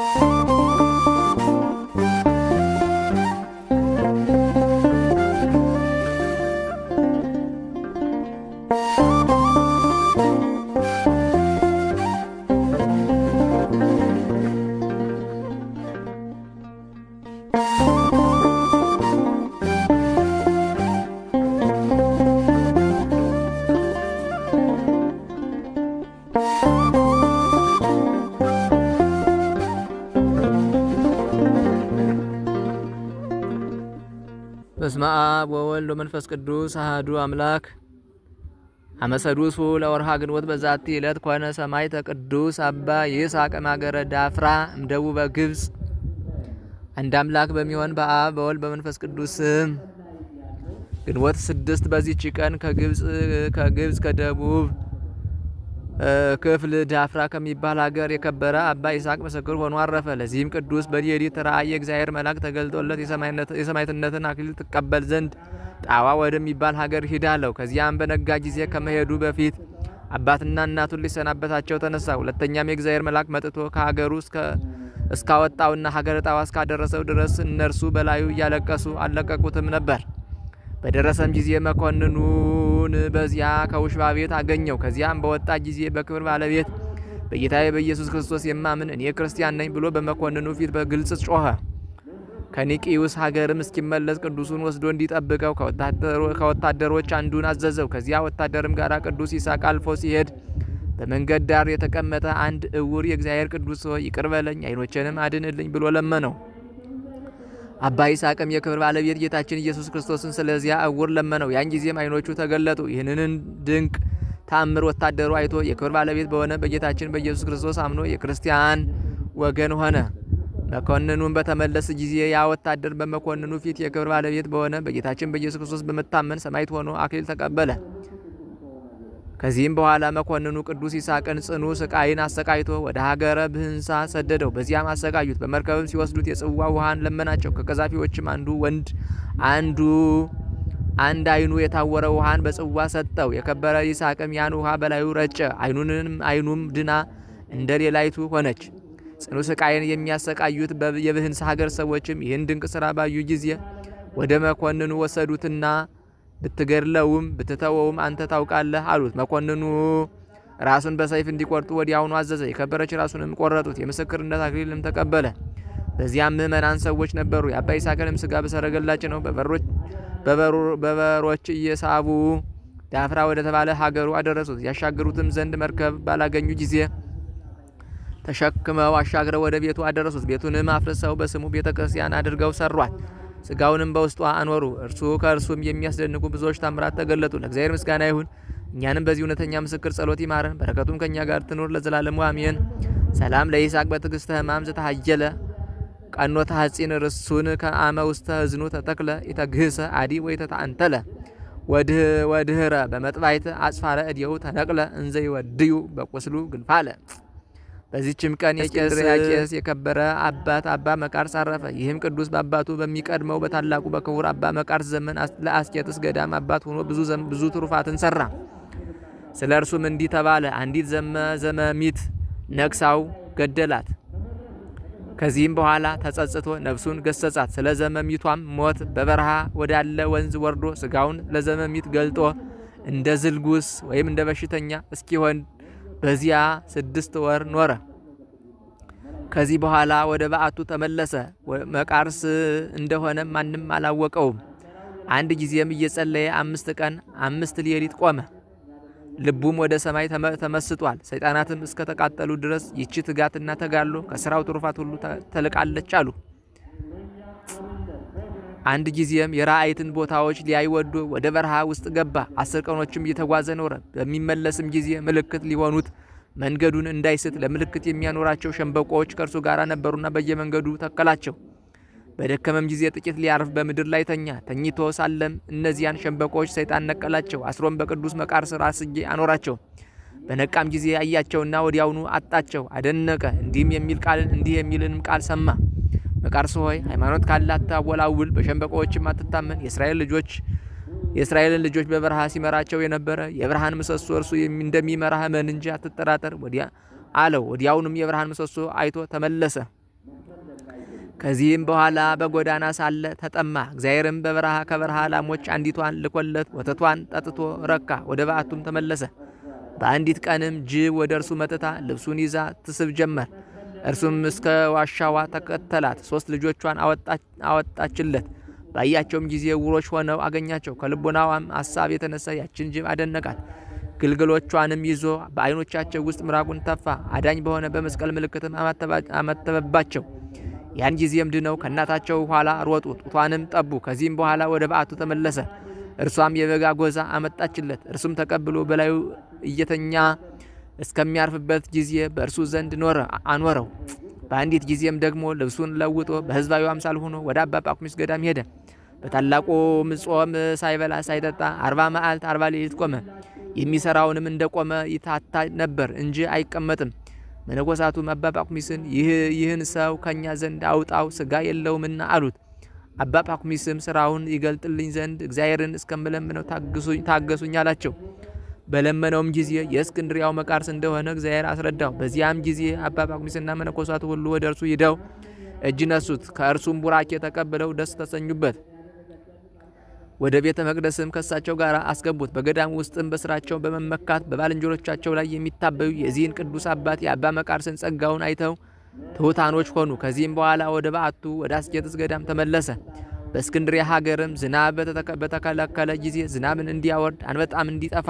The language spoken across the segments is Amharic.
you. በስመ አብ ወወልድ ወመንፈስ ቅዱስ አሐዱ አምላክ አመሰዱሱ ለወርሃ ግንቦት በዛቲ ዕለት ኮነ ሰማዕተ ቅዱስ አባ ይስሐቅ ማገረ ዳፍራ እምደቡበ ግብፅ። አንድ አምላክ በሚሆን በአብ በወልድ በመንፈስ ቅዱስ ስም ግንቦት ስድስት በዚህች ቀን ከግብፅ ከደቡብ ክፍል ዳፍራ ከሚባል ሀገር የከበረ አባ ይስሐቅ ምስክር ሆኖ አረፈ። ለዚህም ቅዱስ በሌሊት ራእይ የእግዚአብሔር መልአክ ተገልጦለት የሰማዕትነትን አክሊል ትቀበል ዘንድ ጣዋ ወደሚባል ሀገር ሂዳለሁ። ከዚያም በነጋ ጊዜ ከመሄዱ በፊት አባትና እናቱን ሊሰናበታቸው ተነሳ። ሁለተኛም የእግዚአብሔር መልአክ መጥቶ ከሀገሩ እስካወጣውና ሀገረ ጣዋ እስካደረሰው ድረስ እነርሱ በላዩ እያለቀሱ አልለቀቁትም ነበር። በደረሰም ጊዜ መኮንኑን በዚያ ከውሽባ ቤት አገኘው። ከዚያም በወጣ ጊዜ በክብር ባለቤት በጌታዬ በኢየሱስ ክርስቶስ የማምን እኔ ክርስቲያን ነኝ ብሎ በመኮንኑ ፊት በግልጽ ጮኸ። ከኒቂዩስ ሀገርም እስኪመለስ ቅዱሱን ወስዶ እንዲጠብቀው ከወታደሮች አንዱን አዘዘው። ከዚያ ወታደርም ጋር ቅዱስ ይሳቅ አልፎ ሲሄድ በመንገድ ዳር የተቀመጠ አንድ እውር የእግዚአብሔር ቅዱስ ሰው ይቅር በለኝ፣ ዓይኖቼንም አድንልኝ ብሎ ለመነው። አባ ይስሐቅም የክብር ባለቤት ጌታችን ኢየሱስ ክርስቶስን ስለዚያ እውር ለመነው። ያን ጊዜም ዓይኖቹ ተገለጡ። ይህንን ድንቅ ታምር ወታደሩ አይቶ የክብር ባለቤት በሆነ በጌታችን በኢየሱስ ክርስቶስ አምኖ የክርስቲያን ወገን ሆነ። መኮንኑን በተመለሰ ጊዜ ያ ወታደር በመኮንኑ ፊት የክብር ባለቤት በሆነ በጌታችን በኢየሱስ ክርስቶስ በመታመን ሰማዕት ሆኖ አክሊል ተቀበለ። ከዚህም በኋላ መኮንኑ ቅዱስ ይሳቅን ጽኑ ስቃይን አሰቃይቶ ወደ ሀገረ ብህንሳ ሰደደው። በዚያም አሰቃዩት። በመርከብም ሲወስዱት የጽዋ ውሃን ለመናቸው። ከቀዛፊዎችም አንዱ ወንድ አንዱ አንድ አይኑ የታወረ ውሃን በጽዋ ሰጠው። የከበረ ይሳቅም ያን ውሃ በላዩ ረጨ። አይኑንም አይኑም ድና እንደ ሌላይቱ ሆነች። ጽኑ ስቃይን የሚያሰቃዩት የብህንሳ ሀገር ሰዎችም ይህን ድንቅ ስራ ባዩ ጊዜ ወደ መኮንኑ ወሰዱትና ብትገድለውም ብትተወውም አንተ ታውቃለህ አሉት። መኮንኑ ራሱን በሰይፍ እንዲቆርጡ ወዲያውኑ አዘዘ። የከበረች ራሱንም ቆረጡት። የምስክርነት አክሊልም ተቀበለ። በዚያም ምእመናን ሰዎች ነበሩ። የአባ ይስሐቅንም ስጋ በሰረገላጭ ነው። በበሮች እየሳቡ ዳፍራ ወደ ተባለ ሀገሩ አደረሱት። ያሻገሩትም ዘንድ መርከብ ባላገኙ ጊዜ ተሸክመው አሻግረው ወደ ቤቱ አደረሱት። ቤቱንም አፍርሰው በስሙ ቤተ ክርስቲያን አድርገው ሰሯት። ስጋውንም በውስጧ አኖሩ። እርሱ ከእርሱም የሚያስደንቁ ብዙዎች ታምራት ተገለጡ። ለእግዚአብሔር ምስጋና ይሁን። እኛንም በዚህ እውነተኛ ምስክር ጸሎት ይማረን፣ በረከቱም ከእኛ ጋር ትኑር ለዘላለሙ አሜን። ሰላም ለይስሐቅ በትዕግሥተ ሕማም ዘተሃየለ ቀኖ ተሐጺን ርሱን ከአመ ውስተ ህዝኑ ተተክለ ኢተግህሰ አዲ ወይ ተታአንተለ ወድህረ በመጥባይት አጽፋረ እድየው ተነቅለ እንዘ ይወድዩ በቁስሉ ግንፋለ በዚችም ቀን የቄስ የከበረ አባት አባ መቃርስ አረፈ። ይህም ቅዱስ በአባቱ በሚቀድመው በታላቁ በክቡር አባ መቃርስ ዘመን ለአስቄጥስ ገዳም አባት ሆኖ ብዙ ትሩፋትን ሰራ። ስለ እርሱም እንዲህ ተባለ። አንዲት ዘመሚት ነክሳው ገደላት። ከዚህም በኋላ ተጸጽቶ ነፍሱን ገሰጻት። ስለ ዘመሚቷም ሞት በበረሃ ወዳለ ወንዝ ወርዶ ስጋውን ለዘመሚት ገልጦ እንደ ዝልጉስ ወይም እንደ በሽተኛ እስኪሆን በዚያ ስድስት ወር ኖረ። ከዚህ በኋላ ወደ በዓቱ ተመለሰ። መቃርስ እንደሆነ ማንም አላወቀውም። አንድ ጊዜም እየጸለየ አምስት ቀን አምስት ሌሊት ቆመ። ልቡም ወደ ሰማይ ተመስጧል። ሰይጣናትም እስከ ተቃጠሉ ድረስ ይቺ ትጋትና ተጋሎ ከስራው ትሩፋት ሁሉ ተልቃለች አሉ። አንድ ጊዜም የራእይትን ቦታዎች ሊያይ ወዶ ወደ በረሃ ውስጥ ገባ። አስር ቀኖችም እየተጓዘ ኖረ። በሚመለስም ጊዜ ምልክት ሊሆኑት መንገዱን እንዳይስት ለምልክት የሚያኖራቸው ሸንበቆዎች ከእርሱ ጋር ነበሩና በየመንገዱ ተከላቸው። በደከመም ጊዜ ጥቂት ሊያርፍ በምድር ላይ ተኛ። ተኝቶ ሳለም እነዚያን ሸንበቆዎች ሰይጣን ነቀላቸው፣ አስሮም በቅዱስ ስር አስጌ አኖራቸው። በነቃም ጊዜ አያቸውና ወዲያውኑ አጣቸው፣ አደነቀ። እንዲህም የሚል ቃልን እንዲህ የሚልንም ቃል ሰማ በቃርስ ሆይ ሃይማኖት ካላታወላውል በሸንበቆዎችም አትታመን የእስራኤል ልጆች የእስራኤልን ልጆች በበረሃ ሲመራቸው የነበረ የብርሃን ምሰሶ እርሱ እንደሚመራህ እመን እንጂ አትጠራጠር ወዲያ አለው። ወዲያውንም የብርሃን ምሰሶ አይቶ ተመለሰ። ከዚህም በኋላ በጎዳና ሳለ ተጠማ። እግዚአብሔርም በበረሃ ከበረሃ ላሞች አንዲቷን ልኮለት ወተቷን ጠጥቶ ረካ። ወደ በዓቱም ተመለሰ። በአንዲት ቀንም ጅብ ወደ እርሱ መጥታ ልብሱን ይዛ ትስብ ጀመር። እርሱም እስከ ዋሻዋ ተከተላት። ሶስት ልጆቿን አወጣችለት። ባያቸውም ጊዜ ውሮች ሆነው አገኛቸው። ከልቦናዋም አሳብ የተነሳ ያችን ጅብ አደነቃት። ግልግሎቿንም ይዞ በዓይኖቻቸው ውስጥ ምራቁን ተፋ። አዳኝ በሆነ በመስቀል ምልክትም አመተበባቸው። ያን ጊዜም ድነው ከእናታቸው ኋላ ሮጡ፣ ጡቷንም ጠቡ። ከዚህም በኋላ ወደ በዓቱ ተመለሰ። እርሷም የበጋ ጎዛ አመጣችለት። እርሱም ተቀብሎ በላዩ እየተኛ እስከሚያርፍበት ጊዜ በእርሱ ዘንድ ኖረ አኖረው። በአንዲት ጊዜም ደግሞ ልብሱን ለውጦ በሕዝባዊ አምሳል ሆኖ ወደ አባ ጳኩሚስ ገዳም ሄደ። በታላቁ ምጾም ሳይበላ ሳይጠጣ አርባ መዓልት አርባ ሌሊት ቆመ። የሚሰራውንም እንደ ቆመ ይታታ ነበር እንጂ አይቀመጥም። መነኮሳቱም አባ ጳኩሚስን ይህን ሰው ከእኛ ዘንድ አውጣው፣ ስጋ የለውምና አሉት። አባ ጳኩሚስም ስራውን ይገልጥልኝ ዘንድ እግዚአብሔርን እስከምለምነው ታገሱኝ አላቸው። በለመነውም ጊዜ የእስክንድሪያው መቃርስ እንደሆነ እግዚአብሔር አስረዳው። በዚያም ጊዜ አባ ጳኩሚስና መነኮሳት ሁሉ ወደ እርሱ ሂደው እጅ ነሱት። ከእርሱም ቡራኬ ተቀብለው ደስ ተሰኙበት። ወደ ቤተ መቅደስም ከሳቸው ጋር አስገቡት። በገዳም ውስጥም በስራቸው በመመካት በባልንጀሮቻቸው ላይ የሚታበዩ የዚህን ቅዱስ አባት የአባ መቃርስን ጸጋውን አይተው ትሑታኖች ሆኑ። ከዚህም በኋላ ወደ በዓቱ ወደ አስቄጥስ ገዳም ተመለሰ። በእስክንድሪያ ሀገርም ዝናብ በተከለከለ ጊዜ ዝናብን እንዲያወርድ አንበጣም እንዲጠፋ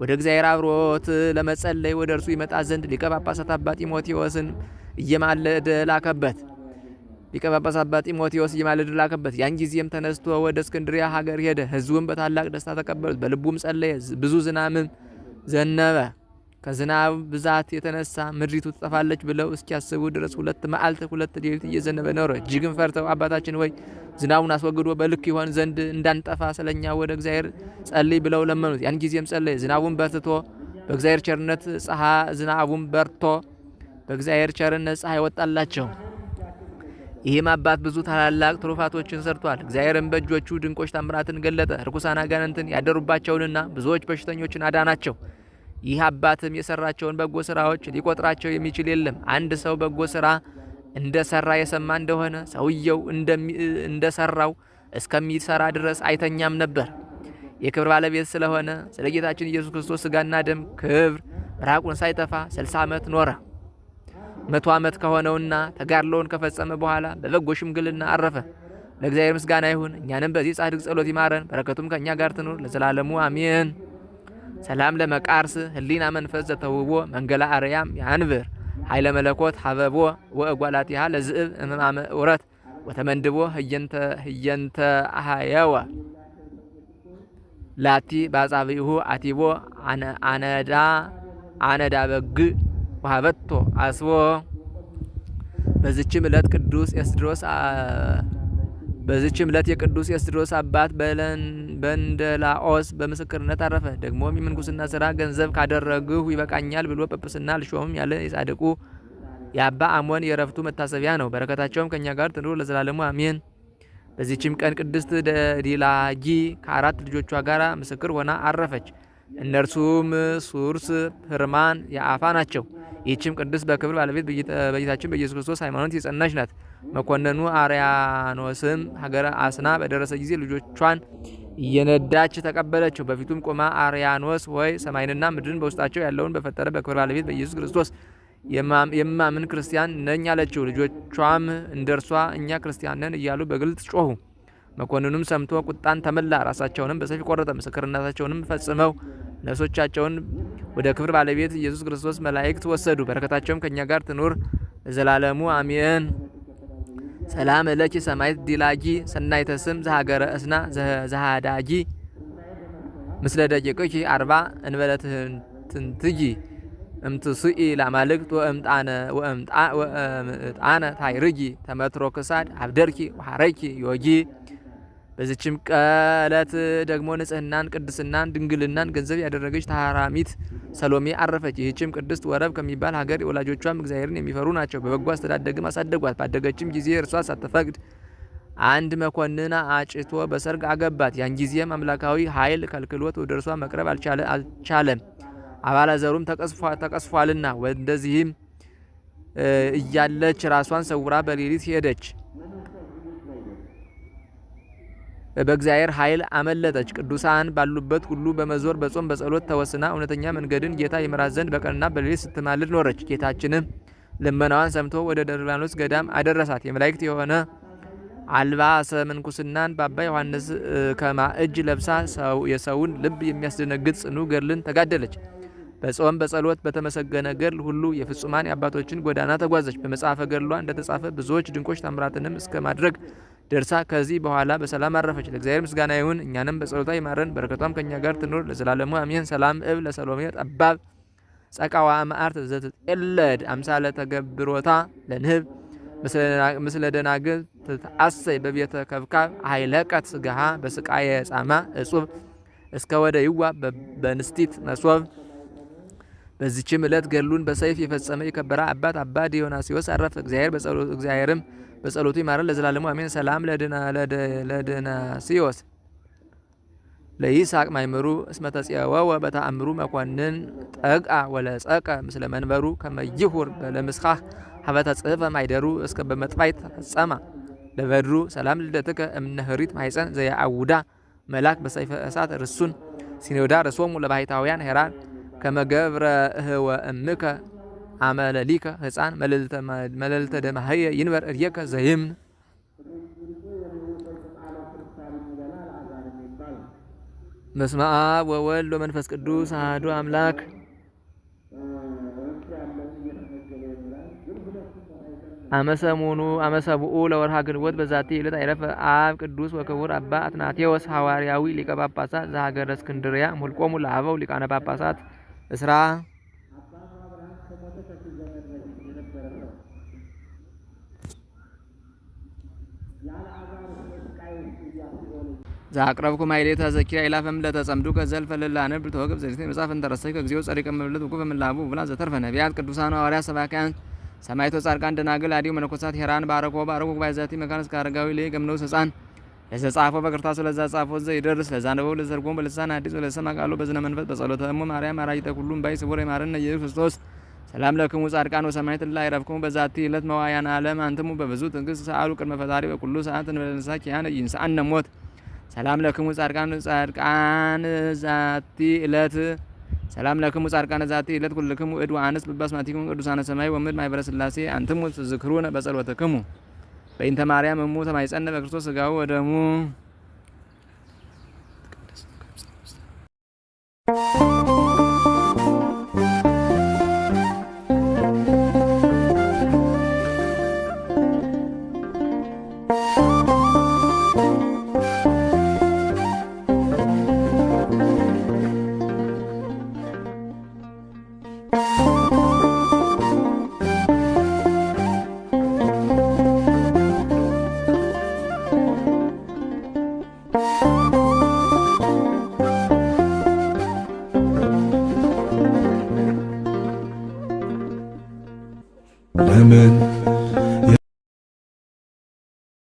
ወደ እግዚአብሔር አብሮት ለመጸለይ ወደ እርሱ ይመጣ ዘንድ ሊቀ ጳጳሳት አባ ጢሞቴዎስን እየማለደ ላከበት። ሊቀ ጳጳሳት አባ ጢሞቴዎስ እየማለደ ላከበት። ያን ጊዜም ተነስቶ ወደ እስክንድሪያ ሀገር ሄደ። ሕዝቡም በታላቅ ደስታ ተቀበሉት። በልቡም ጸለየ። ብዙ ዝናምም ዘነበ። ከዝናብ ብዛት የተነሳ ምድሪቱ ትጠፋለች ብለው እስኪያስቡ ድረስ ሁለት መዓልት ሁለት ሌሊት እየዘነበ ኖረ። እጅግም ፈርተው አባታችን ወይ ዝናቡን አስወግዶ በልክ ይሆን ዘንድ እንዳንጠፋ ስለኛ ወደ እግዚአብሔር ጸልይ ብለው ለመኑት። ያን ጊዜም ጸለየ። ዝናቡን በርትቶ በእግዚአብሔር ቸርነት ፀሐ ዝናቡን በርቶ በእግዚአብሔር ቸርነት ፀሐይ ወጣላቸው። ይህም አባት ብዙ ታላላቅ ትሩፋቶችን ሰርቷል። እግዚአብሔርን በእጆቹ ድንቆች ታምራትን ገለጠ። ርኩሳን አጋንንትን ያደሩባቸውንና ብዙዎች በሽተኞችን አዳናቸው። ይህ አባትም የሰራቸውን በጎ ስራዎች ሊቆጥራቸው የሚችል የለም። አንድ ሰው በጎ ስራ እንደሰራ የሰማ እንደሆነ ሰውየው እንደሰራው እስከሚሰራ ድረስ አይተኛም ነበር። የክብር ባለቤት ስለሆነ ስለ ጌታችን ኢየሱስ ክርስቶስ ስጋና ደም ክብር ምራቁን ሳይተፋ ስልሳ ዓመት ኖረ። መቶ ዓመት ከሆነውና ተጋድሎውን ከፈጸመ በኋላ በበጎ ሽምግልና አረፈ። ለእግዚአብሔር ምስጋና ይሁን። እኛንም በዚህ ጻድቅ ጸሎት ይማረን፣ በረከቱም ከእኛ ጋር ትኑር ለዘላለሙ አሜን። ሰላም ለመቃርስ ህሊና መንፈስ ዘተውቦ መንገላ አርያም ያንብር ኃይለ መለኮት ሀበቦ ወእጓላቲሃ ለዝእብ እምማመ ውረት ወተመንድቦ ህየንተ አሃየወ ላቲ ባጻብይሁ አቲቦ አነዳ አነዳ በግ ውሃበቶ አስቦ። በዚችም ዕለት ቅዱስ ኤስድሮስ በዚችም ዕለት የቅዱስ ኤስድሮስ አባት በለን በንደላኦስ በምስክርነት አረፈ። ደግሞም የምንኩስና ስራ ገንዘብ ካደረግሁ ይበቃኛል ብሎ ጵጵስና ልሾም ያለ የጻድቁ የአባ አሞን የረፍቱ መታሰቢያ ነው። በረከታቸውም ከእኛ ጋር ትኑር ለዘላለሙ አሜን። በዚህችም ቀን ቅድስት ዲላጊ ከአራት ልጆቿ ጋር ምስክር ሆና አረፈች። እነርሱም ሱርስ፣ ህርማን፣ የአፋ ናቸው። ይህችም ቅድስት በክብር ባለቤት በጌታችን በኢየሱስ ክርስቶስ ሃይማኖት የጸናች ናት። መኮንኑ አርያኖስም ሀገረ አስና በደረሰ ጊዜ ልጆቿን እየነዳች ተቀበለችው። በፊቱም ቆማ አርያኖስ ወይ ሰማይንና ምድርን በውስጣቸው ያለውን በፈጠረ በክብር ባለቤት በኢየሱስ ክርስቶስ የማምን ክርስቲያን ነኝ አለችው። ልጆቿም እንደ እርሷ እኛ ክርስቲያን ነን እያሉ በግልጽ ጮሁ። መኮንኑም ሰምቶ ቁጣን ተመላ፣ ራሳቸውንም በሰፊ ቆረጠ። ምስክርነታቸውንም ፈጽመው ነፍሶቻቸውን ወደ ክብር ባለቤት ኢየሱስ ክርስቶስ መላእክት ወሰዱ። በረከታቸውም ከእኛ ጋር ትኑር ለዘላለሙ አሜን። ሰላም እለኪ ሰማይት ዲላጊ ሰናይተ ስም ዘሀገረ እስና ዘሃዳጊ ምስለ ደቂቅኪ አርባ እንበለትንትጊ እምትስኢ ላማልክት ወእምጣነ ታይርጊ ተመትሮ ክሳድ አብደርኪ ወሃረኪ ዮጊ በዚችም ቀለት ደግሞ ንጽህናን፣ ቅድስናን፣ ድንግልናን ገንዘብ ያደረገች ታራሚት ሰሎሜ አረፈች። ይህችም ቅድስት ወረብ ከሚባል ሀገር ወላጆቿም እግዚአብሔርን የሚፈሩ ናቸው። በበጎ አስተዳደግም አሳደጓት። ባደገችም ጊዜ እርሷ ሳትፈቅድ አንድ መኮንን አጭቶ በሰርግ አገባት። ያን ጊዜም አምላካዊ ኃይል ከልክሎት ወደ እርሷ መቅረብ አልቻለም። አባለ ዘሩም ተቀስፏልና። ወደዚህም እያለች ራሷን ሰውራ በሌሊት ሄደች። በእግዚአብሔር ኃይል አመለጠች። ቅዱሳን ባሉበት ሁሉ በመዞር በጾም በጸሎት ተወስና እውነተኛ መንገድን ጌታ ይምራት ዘንድ በቀንና በሌሊት ስትማልድ ኖረች። ጌታችንም ልመናዋን ሰምቶ ወደ ደርባኖስ ገዳም አደረሳት። የመላእክት የሆነ አልባሰ ምንኩስናን በአባ ዮሐንስ ከማ እጅ ለብሳ የሰውን ልብ የሚያስደነግጥ ጽኑ ገድልን ተጋደለች። በጾም በጸሎት በተመሰገነ ገድል ሁሉ የፍጹማን የአባቶችን ጎዳና ተጓዘች። በመጽሐፈ ገድሏ እንደተጻፈ ብዙዎች ድንቆች ታምራትንም እስከ ማድረግ ደርሳ ከዚህ በኋላ በሰላም አረፈች። ለእግዚአብሔር ምስጋና ይሁን፣ እኛንም በጸሎታ ይማረን፣ በረከቷም ከእኛ ጋር ትኑር ለዘላለሙ አሜን። ሰላም እብ ለሰሎሜ ጠባብ ጸቃዋ መዓርት ዘትጥለድ አምሳለ ተገብሮታ ለንህብ ምስለ ደናግል ትትአሰይ በቤተ ከብካብ ሀይለቀት ስጋሃ በስቃየ ጻማ እጹብ እስከ ወደ ይዋ በንስቲት መሶብ በዚችም ዕለት ገሉን በሰይፍ የፈጸመ የከበረ አባት አባ ዲዮናስዮስ አረፈ። እግዚአብሔር እግዚአብሔርም በጸሎቱ ይማረን ለዘላለሙ አሜን። ሰላም ለድናስዮስ ለይስሐቅ ማይምሩ እስመ ተጽወወ በተአምሩ መኮንን ጠቅአ ወለጸቀ ምስለ መንበሩ ከመይሁር ለምስኻህ ሀበተ ጽሕፈ ማይደሩ እስከ በመጥፋይ ተፈጸማ ለበድሩ ሰላም ልደትከ እምነህሪት ማይፀን ዘየአውዳ መላክ በሰይፈ እሳት ርሱን ሲኖዳ ርሶሙ ለባሕታውያን ሄራን ከመገብረ እህወ እምከ አመለሊከ ህፃን መለልተ ደማህየ ይንበር እርየከ ዘይምን በስመ አብ ወወልድ ወመንፈስ ቅዱስ አሐዱ አምላክ አመሰሙኑ አመሰብኡ ለወርሃ ግንቦት በዛቲ ዕለት አይረፈ አብ ቅዱስ ወክቡር አባ አትናቴዎስ ሐዋርያዊ ሊቀ ጳጳሳት ዘሀገረ እስክንድርያ እምኆልቆሙ ለአበው ሊቃነ ጳጳሳት እስራ ዛቅረብኩ ማይሌታ ዘኪራ ኢላፈም ለተጸምዱ ከዘልፈ ለላነብ ተወግብ ዘሪት መጻፍ እንተረሰይ ከግዚኦ ጸሪቀ መብለት ወቁ በመላቡ ብላ ዘተርፈ ነቢያት ቅዱሳን ሐዋርያት ሰባክያን ሰማይቶ ጻድቃን ደናግል አዲው መነኮሳት ሄራን ባረኮ ባረኮ ባይዛቲ መካነስ ካረጋዊ ለይ ገምነው ሰጻን ለተጻፈው በቅርታ ስለዛ ጻፈው ይደርስ ለዛ ነበው ለዘርጎም በልሳን አዲስ ለሰማ ቃሉ በዝነ መንፈስ በጸሎተ እሙ ማርያም አራጅተ ሁሉም ባይ ስቡር የማረነ ኢየሱስ ክርስቶስ ሰላም ለክሙ ጻድቃን ወሰማዕት ላይ ረፍክሙ በዛቲ ዕለት መዋያን ዓለም አንትሙ በብዙ ትዕግስት ሰአሉ ቅድመ ፈጣሪ በኩሉ ሰዓት እንበለንሳ ኪያነ ይንሳአነ ሞት ሰላም ለክሙ ጻድቃን ጻድቃን ዛቲ ዕለት ሰላም ለክሙ ጻድቃነ ዛቲ ዕለት ኩልክሙ እድ ወአንስት ብባስማቲክሙ ቅዱሳነ ሰማይ ወምድር ማኅበረ ሥላሴ አንትሙ ትዝክሩነ በጸሎትክሙ በእንተ ማርያም እሙ ተማይጸነ በክርስቶስ ስጋው ወደሙ